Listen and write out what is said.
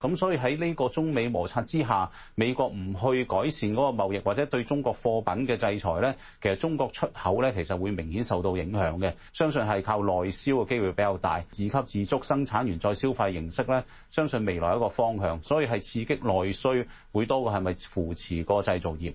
咁所以喺呢個中美摩擦之下，美國唔去改善嗰個貿易或者對中國貨品嘅制裁咧，其實中國出口咧其實會明顯受到影響嘅。相信係靠內銷嘅機會比較大，自給自足生產完再消費形式咧，相信未來一個方向。所以係刺激內需會多過，係咪扶持個製造業？